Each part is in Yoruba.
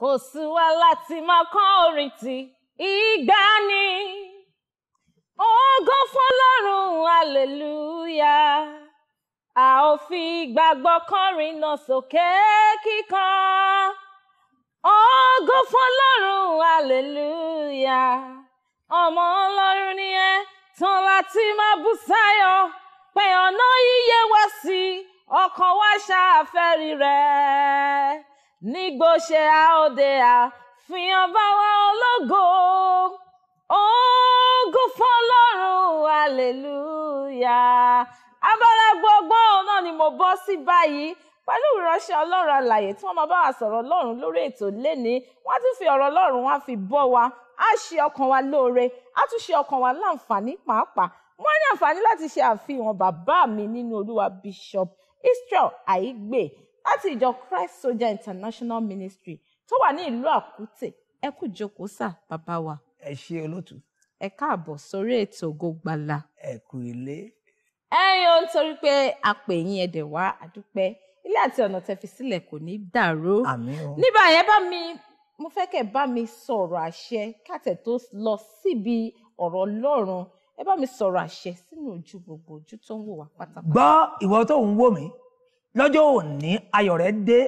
kò sí wa láti máa kọ́ orin ti ìgbàanì ògo fọ́lọ́run hallelujah a ò fi gbàgbọ́ kọrin náà sókè kíkan ògo fọ́lọ́run hallelujah ọmọ ọlọ́run ni ẹ tán láti máa bú sáyọ̀ pé ọ̀nà yíyé wá sí ọkàn wa ṣáà rẹ̀ nígbò ṣe a òde a fi hàn báwa ológo ògo hallelujah aleluya abala gbọgbọ́n náà ni mo bọ́ sí báyìí pẹ̀lú ìránṣẹ́ ọlọ́run àlàyé tí wọ́n máa bá wa sọ̀rọ̀ ọlọ́run lórí ètò lénìí wọ́n á tún fi ọ̀rọ̀ ọlọ́run wọ́n á fi bọ́ wa á ṣe ọkàn wa lóore á tún ṣe ọkàn wa láǹfààní pàápàá wọ́n ní àǹfààní láti ṣe àfihàn bàbá mi nínú olúwa bishop Israel Àìgbè láti ìjọ Christ Soldier International Ministry tó wà ní ìlú Àkútè ẹ kú jókòó sà bàbá wa. ẹ ṣe olóòtú. ẹ káàbọ̀ sórí ètò Ògo Ìgbàlà. ẹ kú ilé. ẹ yan nítorí pé a pè yín ẹdẹ wá àdúpẹ́ ilé àti ọ̀nà tẹ́ sílẹ̀ kò ní dàrú. àmín o. níbà yẹn bá mi mo fẹ́ kẹ́ bá mi sọ̀rọ̀ àṣẹ kàtẹ́ tó lọ síbi ọ̀rọ̀ Ọlọ́run ẹ bá mi sọ̀rọ̀ àṣẹ sínú ojú gbogbo ojú tó ń wò wá pátápátá. gbọ́ ìwọ tó ń wò mí lọ́jọ́ òní ayọ̀ rẹ dé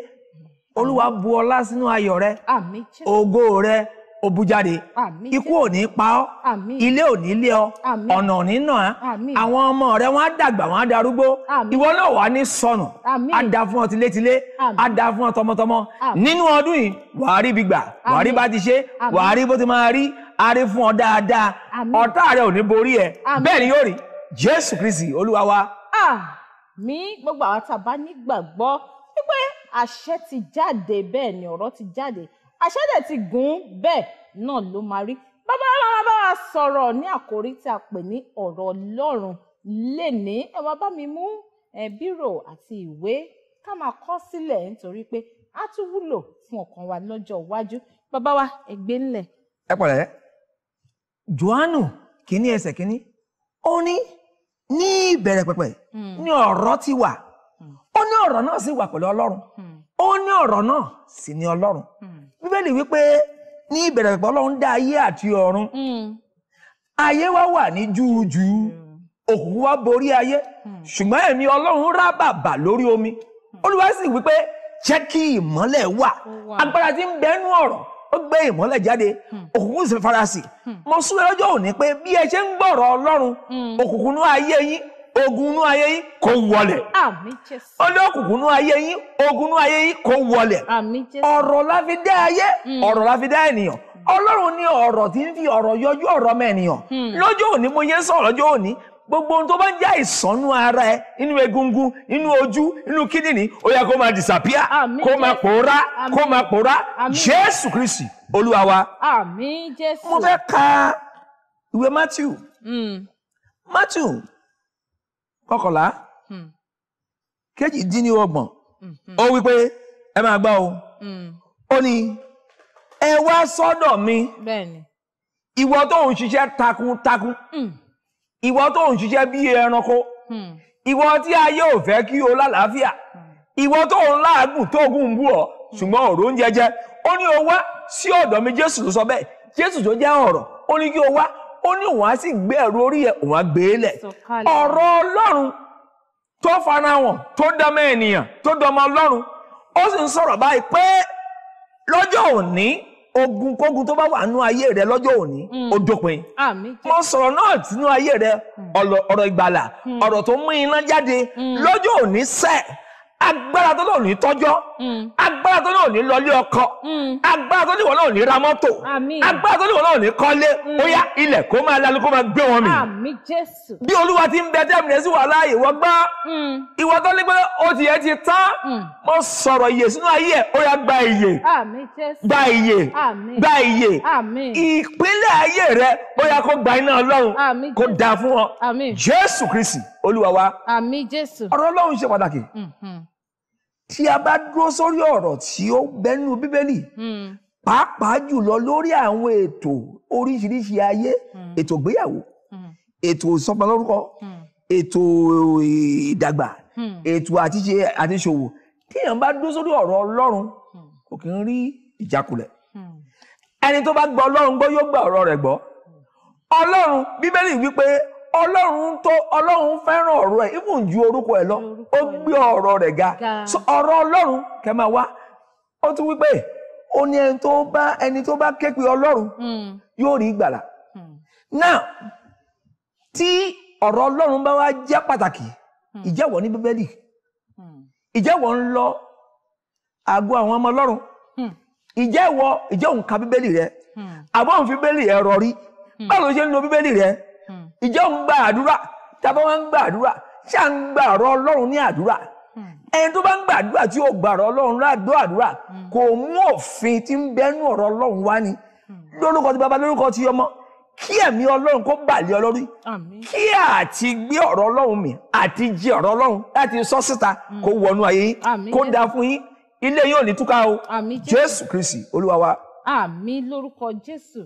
olúwa bu ọlá sínú ayọ̀ rẹ ògo rẹ ó bú jáde ikú ò ní pa ọ́ ilé ò ní lé ọ ọ̀nà ò ní nà ẹ́ àwọn ọmọ rẹ wọn á dàgbà wọn á darúgbó ìwọ náà wà ní sọnù á da fún ọ tilétilé á da fún ọ tọmọtọmọ nínú ọdún yìí wàá rí ibi gbà wàá rí bá ti ṣe wàá rí bó ti máa rí á rí fún ọ dáadáa ọ̀tá rẹ ò ní borí ẹ bẹ́ẹ̀ ni yóò rí Jésù Kristi olúwa wa. Ah mi gbogbo àwọn tá a bá nígbàgbọ́ wípé àṣẹ ti jáde bẹ́ẹ̀ ni ọ̀rọ̀ ti jáde àṣẹ dẹ̀ ti gùn bẹ́ẹ̀ náà ló máa rí bàbá máa bá wa sọ̀rọ̀ ní àkórí tí a pè ní ọ̀rọ̀ Ọlọ́run lénìí ẹ wá bá mi mú bírò àti ìwé ká máa kọ sílẹ̀ nítorí pé á tún wúlò fún ọkàn wa lọ́jọ́ iwájú bàbá wa ẹgbẹ́ ńlẹ̀. ẹ pẹ̀lẹ́ Jòhánù kínní ẹsẹ̀ kínní ó ní ní ìbẹ̀rẹ̀ pẹ̀pẹ̀ hmm. ní ọ̀rọ̀ ti wà hmm. ó ní ọ̀rọ̀ náà sì wà pẹ̀lú ọlọ́run hmm. ó ní ọ̀rọ̀ náà sì ní ọlọ́run bíbélì wípé ní ìbẹ̀rẹ̀ pẹ̀pẹ̀ ọlọ́run dá ayé àti ọ̀run ayé wa wà ní júùjù òkùnkùn wa borí ayé ṣùgbọ́n ẹ̀mí ọlọ́run rá bàbà lórí omi olúwa sì wípé jẹ́ kí ìmọ́lẹ̀ wà agbára tí ń bẹ́nu ọ̀rọ̀ ó gbé ìmọ́lẹ̀ jáde hmm. òkùnkùn sì farasì hmm. mo súre lọ́jọ́ òní pé bí ẹ ṣe ń gbọ́rọ̀ ọlọ́run hmm. òkùnkùn inú ayé yín ogun inú ayé yín kò wọlẹ̀ ó ní òkùnkùn inú ayé yín ogun ayé yín kò wọlẹ̀ ọ̀rọ̀ la fi dá ayé ọ̀rọ̀ la fi dá ènìyàn ọlọ́run ní ọ̀rọ̀ tí ń fi ọ̀rọ̀ yọjú ọ̀rọ̀ mẹ́nìyàn lọ́jọ́ òní mo yẹ sọ̀rọ̀ lọ́jọ́ òní gbogbo ohun tó bá jẹ́ àìsànnú ara ẹ inú egungun inú ojú inú kídìní ó yẹ kó máa disappear kó máa pòórá kó máa pòórá jésù kristi olúwa wa. àmín jésù. mo fẹ́ ka ìwé matthew mm. matthew kọkànlá hmm. kejì dín ní ọgbọ̀n hmm. ó wí pé ẹ máa gbọ́ o hmm. ó ní ẹ wá sọ́dọ̀ mi ìwọ tó ń ṣiṣẹ́ takuntakun. ìwọ tó ń ṣiṣẹ́ bí ẹranko hmm. ìwọ tí ayé ò fẹ́ kí o lálàáfíà hmm. ìwọ tó ń láàgùn tó gùn ń bú ọ hmm. ṣùgbọ́n ọ̀rọ̀ oúnjẹ jẹ ó ní o wá sí ọ̀dọ̀ mi Jésù ló sọ bẹ́ẹ̀ Jésù tó jẹ́ ọ̀rọ̀ ó ní kí o wá ó ní òun á sì gbé ẹ̀rù orí ẹ̀ òun á gbé e lẹ̀ ọ̀rọ̀ Ọlọ́run tó farahàn tó dọmọ ènìyàn tó dọmọ Ọlọ́run ó sì ń sọ̀rọ̀ báyìí pé lọ́jọ́ òní ogun kógun tó bá wà nú ayé rẹ lọ́jọ́ òní hmm. ó dópin mo sọ̀rọ̀ náà sínú ayé rẹ hmm. ọ̀rọ̀ ìgbàlà hmm. ọ̀rọ̀ tó mú iná jáde lọ́jọ́ òní sẹ́ẹ̀ agbára tó lóò ní tọ́jọ́ mm. agbára tó lóò ní lọlé ọkọ mm. agbára tó níwọ̀n náà ní ra mọ́tò agbára tó níwọ̀n náà ní kọ́lé mm. ó yá ilẹ̀ kó máa lalu kó máa gbé wọn mì. bí olúwa ti ń bẹ tẹ́mi lẹ́sìn wà láàyè wọ́n gbá ìwọ tó ní pé ó ti yẹ ti tán mo sọ̀rọ̀ iye sínú ayé ẹ̀ ó yá gba iye gba iye gba iye ìpínlẹ̀ ayé rẹ ó yá kó gba iná ọlọ́run kó dáa fún ọ Jésù Kristi olúwa wa. àmín jésù. ọ̀rọ̀ ọlọ́run ṣe pàtàkì. Mm-hmm. tí a bá dúró sórí ọ̀rọ̀ tí ó gbẹ́nu bíbélì mm. pàápàá jùlọ lórí àwọn ètò oríṣiríṣi ayé mm. ètò ìgbéyàwó mm. ètò ìsọmọlórúkọ ètò ìdàgbà ètò àtiṣe àtiṣòwò téèyàn bá dúró sórí ọ̀rọ̀ ọlọ́run kò kí ń rí ìjákulẹ̀ ẹni tó bá gba ọlọ́run gbọ́ yóò gba ọ̀rọ̀ rẹ̀ gbọ́ ọlọ́run bíbélì wípé ọlọ́run tó ọlọ́run fẹ́ràn ọ̀rọ̀ ẹ̀ even ju orúkọ ẹ̀ lọ ó gbé ọ̀rọ̀ rẹ̀ ga so ọ̀rọ̀ ọlọ́run kẹ́ máa wá ó tún wípé ó ní ẹni tó bá ẹni tó bá képe ọlọ́run hmm. yóò rí ìgbàlà hmm. now tí ọ̀rọ̀ ọlọ́run bá wá jẹ́ pàtàkì hmm. ìjẹ́wọ́ ní bíbélì ìjẹ́wọ́ ń lọ àgọ́ àwọn ọmọ ọlọ́run ìjẹ́wọ́ ìjẹ́wọ́ ń ka bíbélì rẹ àbọ̀ ń fi bíbélì rẹ rọrí báwo ló ṣe ń lo bíbélì rẹ ìjọ ń gba àdúrà tàbá wọn ń gba àdúrà ṣá ń gba ọ̀rọ̀ ọlọ́run ní àdúrà ẹni tó bá ń gbàdúrà tí ó gbàrọ̀ ọlọ́run ládùú àdúrà kò mú òfin tí ń bẹnu ọ̀rọ̀ ọlọ́run wá ni lórúkọ ti bàbá lórúkọ ti ọmọ kí ẹ̀mí ọlọ́run kó bàlẹ̀ ọlọ́rí kí àti gbé ọ̀rọ̀ ọlọ́run mi àti jẹ ọ̀rọ̀ ọlọ́run láti sọ síta kó mm. wọnú ayé yín kó dáa fún yín ilé yín ò ní túká o jésù kristi olúwa wa. àmín lórúkọ jésù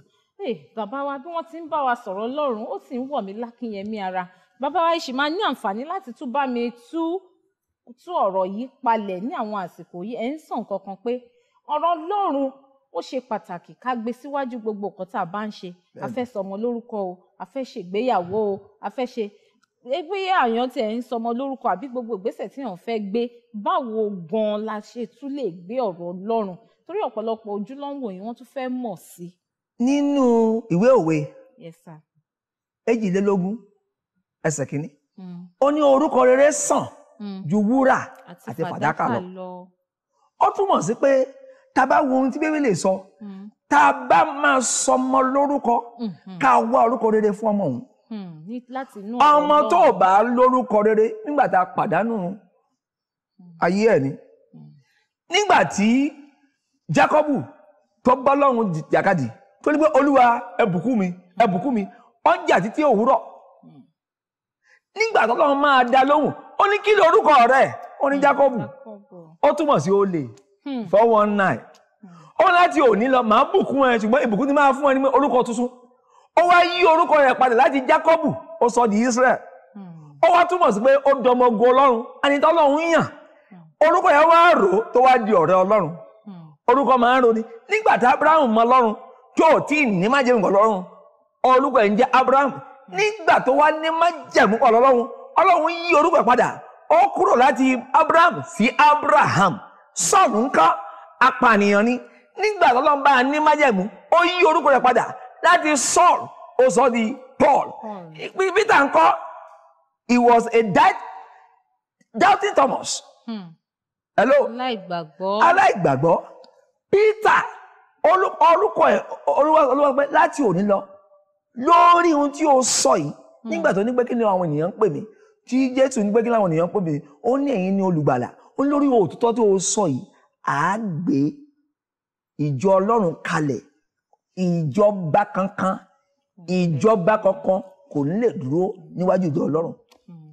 Eh, bàbá wa bí wọ́n ti ń bá wa sọ̀rọ̀ lọ́rùn ó sì ń wọ̀ mí lákìnyẹmí ara bàbá wa yìí sì máa ní àǹfààní láti tún bá mi tú tú ọ̀rọ̀ yìí palẹ̀ ní àwọn àsìkò yìí ẹ̀ ń sàn kankan pé ọ̀rọ̀ Ọlọ́run ó ṣe pàtàkì ká gbé síwájú gbogbo nǹkan tá a bá ń ṣe a fẹ́ sọmọ lórúkọ o a fẹ́ ṣègbéyàwó o a fẹ́ ṣe gbé àyàn tí ẹ̀ ń sọmọ lórúkọ àbí gbogbo ìgbésẹ̀ tí èèyàn fẹ́ gbé báwo gan-an la ṣe tún lè gbé ọ̀rọ̀ Ọlọ́run torí ọ̀pọ̀lọpọ̀ ojú ló ń wò yín wọ́n tún fẹ́ mọ̀ sí i nínú ìwé òwe yes sir èjìlélógún ẹsẹ̀ kìíní hmm. ó ní orúkọ rere sàn hmm. ju wúrà àti fàdákà lọ ó túmọ̀ sí pé tá a bá wo ohun tí bíbélì sọ hmm. tá a bá máa sọmọ lórúkọ ká wá orúkọ rere fún ọmọ òun ọmọ tó o bá lórúkọ rere nígbà tá a pàdánù ayé ẹ̀ ni nígbà tí Jákọ́bù tó bá Ọlọ́run jàkadì torí pé olúwa ẹbùkún mi ẹbùkún mi ọjà títí òwúrọ̀ nígbà tọ́lọ́run máa dá lóhùn ó ní kí lorúkọ rẹ̀ ó ní Jákọ́bù ó túmọ̀ sí olè hmm. four one nine ó láti òní lọ màá bùkún ẹ ṣùgbọ́n ìbùkún ti máa fún ẹ ní orúkọ tuntun ó wá yí orúkọ rẹ̀ padà láti Jákọ́bù ó sọ di Israel hmm. ó wá túmọ̀ sí pé ó dọmọ ogun Ọlọ́run ẹni tọ́lọ́run yàn hmm. orúkọ yẹn wá rò tó wá di ọ̀rẹ́ Ọlọ́run orúkọ máa ń roni nígbà tí Abraham mọ Ọlọ́run tó o tí ní májẹ̀mú pọ̀ lọ́rùn orúkọ ẹ̀ ń jẹ́ Abraham nígbà tó wá ní májẹ̀mú pọ̀ lọ́rùn ọlọ́run yí orúkọ ẹ̀ padà ó kúrò láti Abraham sí Abraham Sọ́ọ̀lù ń kọ́ apànìyàn ni nígbà tó lọ́n bá ní májẹ̀mú ó yí orúkọ rẹ̀ padà láti Sọ́ọ̀lù ó sọ di Paul hmm. Peter ń kọ́ he was a dead doubting Thomas. Hmm. hello aláìgbàgbọ́ aláìgbàgbọ́ Peter orúkọ ẹ olúwa pé láti òní lọ lórí ohun tí o sọ yìí hmm. nígbà tó ní pé kí ni àwọn ènìyàn ń pè mí tí jésù ní pé kí ni àwọn ènìyàn ń pè mí ó ní ẹ̀yin ní olùgbàlà ó lórí òtítọ́ tí o sọ yìí à á gbé ìjọ ọlọ́run kalẹ̀ ìjọba kankan ìjọba kankan kò ní lè dúró níwájú ìjọ ọlọ́run hmm.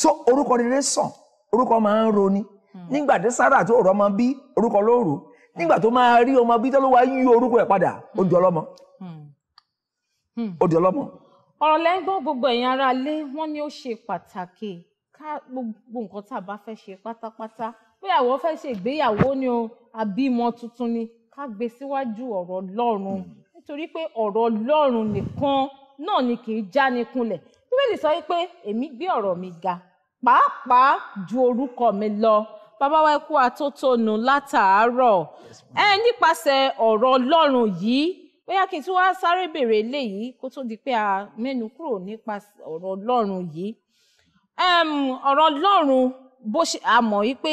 so orúkọ rere sàn orúkọ máa ń roni hmm. nígbà tí sára àti òrò ọmọ bí orúkọ lóòrò nígbà tó máa rí ọmọ bí tọ́lọ́wà yí orúkọ ẹ̀ padà ó di ọlọ́mọ hmm. Hmm. ó di ọlọ́mọ. ọ̀rọ̀ lẹ́gbọ́n gbogbo ẹ̀yin ará ilé wọ́n ní ó ṣe pàtàkì ká gbogbo nǹkan tá a bá fẹ́ ṣe pátápátá bóyá àwọn fẹ́ ṣe ìgbéyàwó ni o àbímọ tuntun ni ká gbé síwájú ọ̀rọ̀ Ọlọ́run nítorí pé ọ̀rọ̀ Ọlọ́run nìkan náà ni kì í jáni kunlẹ̀ bíbélì sọ wípé èmi gbé ọ̀rọ̀ mi ga pàápàá ju orúkọ mi lọ bàbá wa ẹkú àtótónu látàárọ̀ ẹ nípasẹ̀ ọ̀rọ̀ Ọlọ́run yìí bóyá kí n tún wá sáré béèrè eléyìí kó tó di pé a mẹ́nu kúrò nípasẹ̀ ọ̀rọ̀ Ọlọ́run yìí ọ̀rọ̀ Ọlọ́run bó ṣe a mọ̀ wípé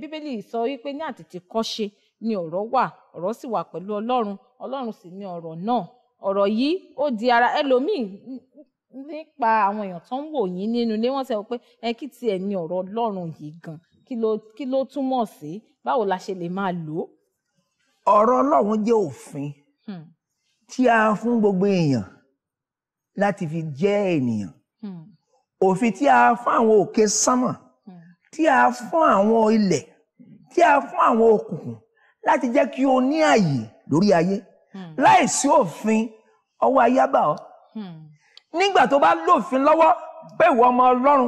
bíbélì sọ wípé ní àtètè kọ́ṣe ni ọ̀rọ̀ wà ọ̀rọ̀ sì wà pẹ̀lú Ọlọ́run Ọlọ́run sì ni ọ̀rọ̀ náà ọ̀rọ̀ yìí ó di ara ẹlòmíì nípa àwọn èèyàn tó ń wò yín nínú ilé wọn sọ pé ẹ kí tiẹ̀ ni ọ̀rọ̀ Ọlọ́run yìí gan kí ló kí ló túmọ̀ sí báwo la ṣe lè máa lò ó. ọ̀rọ̀ ọlọ́run jẹ́ òfin hmm. tí a fún gbogbo èèyàn láti fi jẹ́ ènìyàn hmm. òfin tí a fún àwọn òkè sánmọ̀ hmm. tí a fún àwọn ilẹ̀ tí a fún àwọn òkùnkùn láti jẹ́ kí o ní àyè lórí ayé láìsí òfin ọwọ́ ayé bá ọ nígbà tó bá lófin lọ́wọ́ pé ìwọ ọmọ ọlọ́run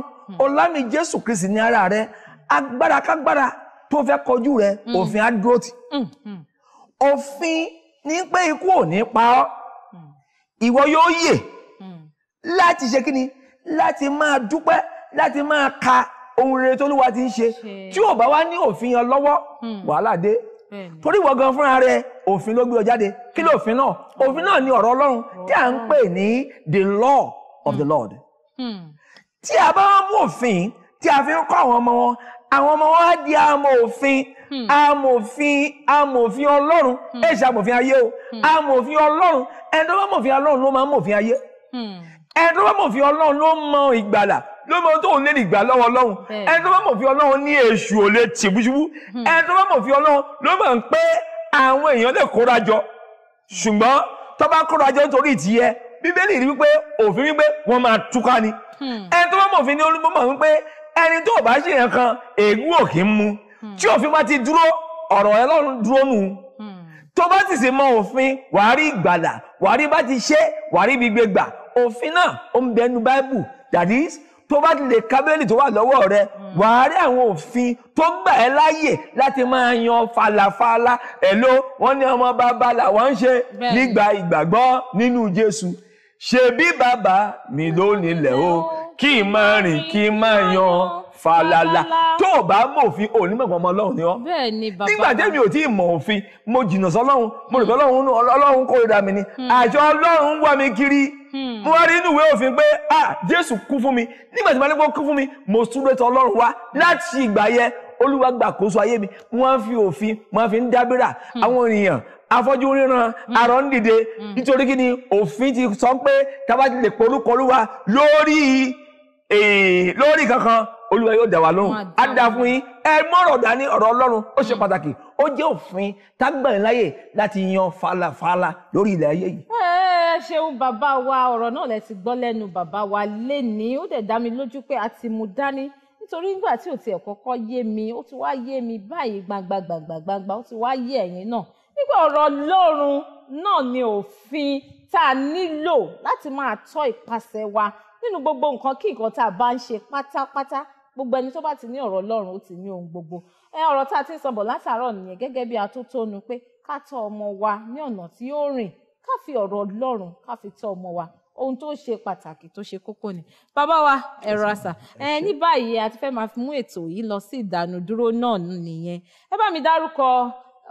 ọlámi jésù kristi ní ara rẹ agbára kágbára tó fẹ́ kọjú rẹ mm. òfin á dúró mm, mm. òfin ní pé ikú ò ní pa ọ́ ìwọ yóò yè láti ṣe kí ni láti máa dúpẹ́ láti máa ka ohun rere tó lúwa ti ń ṣe tí ò bá wá ní òfin yan lọ́wọ́ wàhálà dé torí ìwọ gan fúnra rẹ òfin ló gbé ọ jáde kí ló òfin náà òfin náà ni ọ̀rọ̀ Ọlọ́run tí à ń pè ní the law of the Lord tí a bá wọn mú òfin tí a fi ń kọ́ àwọn ọmọ wọn àwọn ọmọ wa di amòfin hmm. amòfin amòfin ọlọ́run hmm. ẹ ṣe amòfin ayé o hmm. amòfin ọlọ́run ẹni tó bá mòfin ọlọ́run ló máa ń mòfin ayé ẹni tó bá mòfin ọlọ́run ló mọ ìgbàlà ló mọ tó ń lé ìgbà lọ́wọ́ ọlọ́run ẹni tó bá mòfin ọlọ́run ní èṣù ò lè tìbúṣubú ẹni tó bá mòfin ọlọ́run ló mọ̀ ń pé àwọn èèyàn lè kóra jọ ṣùgbọ́n tó bá kóra jọ nítorí ìtìyẹ bíbélì rí wípé òfin wípé wọ́n máa túká ni ẹni bá mòfin ní olúmọ̀ ń pé ẹni tó bá ṣe yẹn kan ègún òkè ń mu hmm. tí òfin bá ti dúró ọ̀rọ̀ ẹ lọ́run dúró nù hmm. tó bá sì ṣe mọ òfin wàá rí ìgbàlà wàá rí bá ti ṣe wàá rí gbígbé gbà òfin náà ó ń bẹnu báíbù that is tó bá lè kábẹ́lì tó wà lọ́wọ́ rẹ hmm. wàá rí àwọn òfin tó gbà ẹ́ láàyè láti máa yan falafala ẹ̀ló wọ́n ní ọmọ bàbá làwọn ń ṣe nígbà ìgbàgbọ́ nínú Jésù ṣebí bàbá mi ló nílẹ̀ o kí n máa rìn kí n máa yan falala tó o bá mòfin òní mọ̀gbọ́n ọmọ ọlọ́run ni ọ́ nígbà tẹ́mi ò tí ì mọ̀ òfin mo jìnnà sọ́lọ́run mo rò pé hmm. ọlọ́run kórìíra mi ni hmm. àjọ ọlọ́run wá mi kiri hmm. mo wá rí inú ìwé òfin pé ah jésù kú fún mi nígbà tí mo ní kó kú fún mi mo súré tọ ọlọ́run wá láti ìgbà yẹn olúwa gbàkóso ayé mi wọ́n fi òfin wọ́n fi ń dábìrà àwọn ènìyàn afọ́jú ríran arọ ń dìde nítorí kí ni òfin ti sọ pé tábà ti lè polúkọlúwa lórí lórí kankan olúwa yóò dá wa lóhùn á dá fún yín ẹ mọ̀rọ̀ dání ọ̀rọ̀ ọlọ́run ó ṣe mm. pàtàkì ó jẹ́ òfin tágbàrin láyè láti yan falafala lórí ilẹ̀ ayé yìí. ẹ ṣeun bàbá wa ọ̀rọ̀ náà lẹ ti gbọ́ lẹ́nu bàbá wa lénìí ó dẹ̀ dá mi lójú pé a ti mú dání nítorí nígbà tí ò tiẹ̀ kọ́kọ́ yé mi ó ti wá yé mi báyìí gbangbangbangba ó ti wá yé ẹ̀yin náà nígbà ọ̀rọ̀ ọlọ́run náà ni òfin tá a nílò láti máa tọ́ ìpasẹ̀ wa nínú gbogbo nǹkan kí nǹkan tá a bá ń ṣe pátápátá gbogbo ẹni tó bá ti ní ọ̀rọ̀ Ọlọ́run ó ti ní ohun gbogbo ẹ ọ̀rọ̀ tá a ti ń sọ bọ̀ látàárọ̀ nìyẹn gẹ́gẹ́ bí atótónu pé ká tọ́ ọmọ wa ní ọ̀nà tí ó rìn ká fi ọ̀rọ̀ Ọlọ́run ká fi tọ́ ọmọ wa ohun tó ṣe pàtàkì tó ṣe kókó ni bàbá wa ẹ̀rọ àṣà ẹ ní báyìí a ti fẹ́ máa mú ètò yìí lọ sí ìdánu dúró náà nìyẹn ẹ bá mi dárúkọ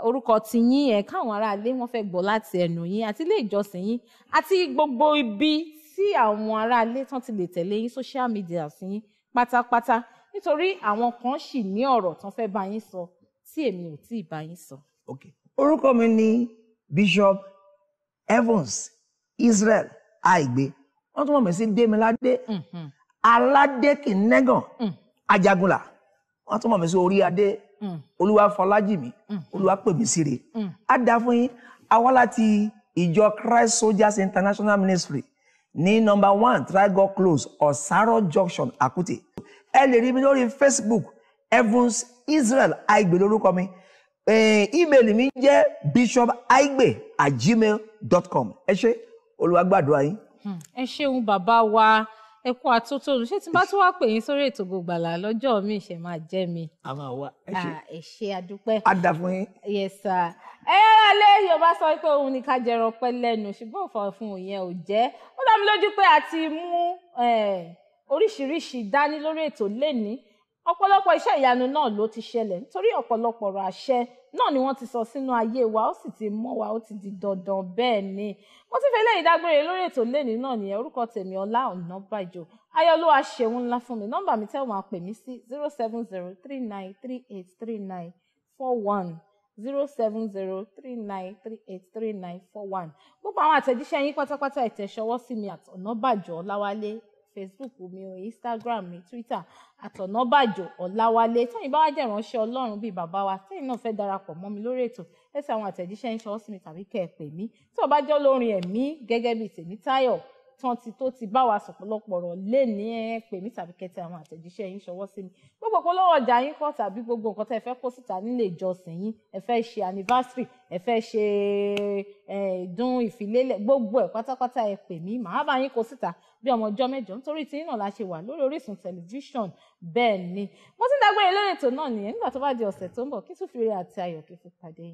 orúkọ ti yín ẹ káwọn aráalé wọn fẹ́ gbọ́ láti ẹnu yín àti ilé ìjọsìn yín àti gbogbo ibi tí àwọn aráalé tán ti lè tẹ̀lé yín social media sí yín pátápátá nítorí àwọn kan ṣì ní ọ̀rọ̀ tán fẹ́ bá yín sọ tí èmi ò tí ì bá yín sọ. okay orúkọ mi ni Bishop Evans Israel Àìgbé wọ́n tún mọ̀ mí sí Démiládé mhm. Aládékìnẹ́gàn mm. Ajagunlá wọ́n tún mọ̀ mí sí orí adé mm. olúwa fọlájìmí mm. olúwa pèmí síre á dá fún yín àwa láti ìjọ Christ Soldiers International Ministry ní number one triangle close osaro junction Àkútè ẹ lè rí mi lórí Facebook Evans Israel Aigbe lórúkọ mi email eh, mi jẹ́ bishopaigbe@gmail.com ẹ ṣé olùwàgbàdo ayín. Hmm. ẹ ṣeun bàbá wa ẹ kú àtúntòrò ṣé tí n bá tún wá pè yín sórí ètò Ògo Ìgbàlà lọ́jọ́ mi ṣe máa jẹ́ mi. a máa wá ẹ ṣe àdúpẹ́. a dà fún yín. yes sir. ẹ yára lé Yorùbá sọ pé òun ni ká jẹrọ pẹ́ lẹ́nu ṣùgbọ́n òfò fún òun yẹn ò jẹ́ ó dá mi lójú pé a mú oríṣiríṣi dání lórí ètò lénìí ọ̀pọ̀lọpọ̀ iṣẹ́ ìyanu náà ló ti ṣẹlẹ̀ nítorí ọ̀pọ̀lọpọ̀ ọ̀rọ̀ àṣẹ náà ni wọ́n ti sọ sínú ayé wa ó sì ti mọ́ wa ó ti di dandan bẹ́ẹ̀ ni mo ti fẹ́ lẹ́yìn dágbére lórí ètò lẹ́ni náà nìyẹn orúkọ tèmi Ọlá Ọ̀nàbàjọ ayọ́lúwa ṣeun ńlá fún mi nọ́mbà mi tẹ́ wọ́n á pè mí sí zero seven zero three nine three eight three nine four one zero seven zero three nine three eight three nine four one gbogbo àwọn àtẹ̀jíṣẹ́ yín pátápátá ìtẹ̀sọ́wọ́ sí mi àtọ̀nàbàjọ Ọláwálé facebook mi o instagram mi twitter àtọ̀nàbàjò ọ̀làwálé tẹ́yìn bá wá jẹ́ ìránṣẹ́ ọlọ́run bíi bàbá wa tẹ́yìn náà fẹ́ darapọ̀ mọ́ mi lórí ètò ẹ ṣe àwọn àtẹ̀jíṣẹ́ ń ṣọwọ́ sí mi tàbí kẹ́ ẹ pè mí tí ó bá jẹ́ olórin ẹ̀mí gẹ́gẹ́ bíi tèmítáyọ̀ tán ti tó ti bá wa sọ̀pọ̀lọpọ̀ ọ̀rọ̀ lé ní ẹ pè mí tàbí kẹtẹ àwọn àtẹ̀jíṣẹ́ yín ṣọwọ́ sí mi gbogbo polówó ọjà yín kọ́ tàbí gbogbo nǹkan tẹ́ ẹ fẹ́ kó síta nílé ìjọsìn yín ẹ fẹ́ ṣe anniversary ẹ fẹ́ ṣe ìdún ìfilélẹ̀ gbogbo ẹ̀ pátápátá ẹ pè mí màá bá yín kó síta bí ọmọ ọjọ́ mẹ́jọ nítorí tí náà la wà lórí Orísun ni mo ti dágbére lórí ètò náà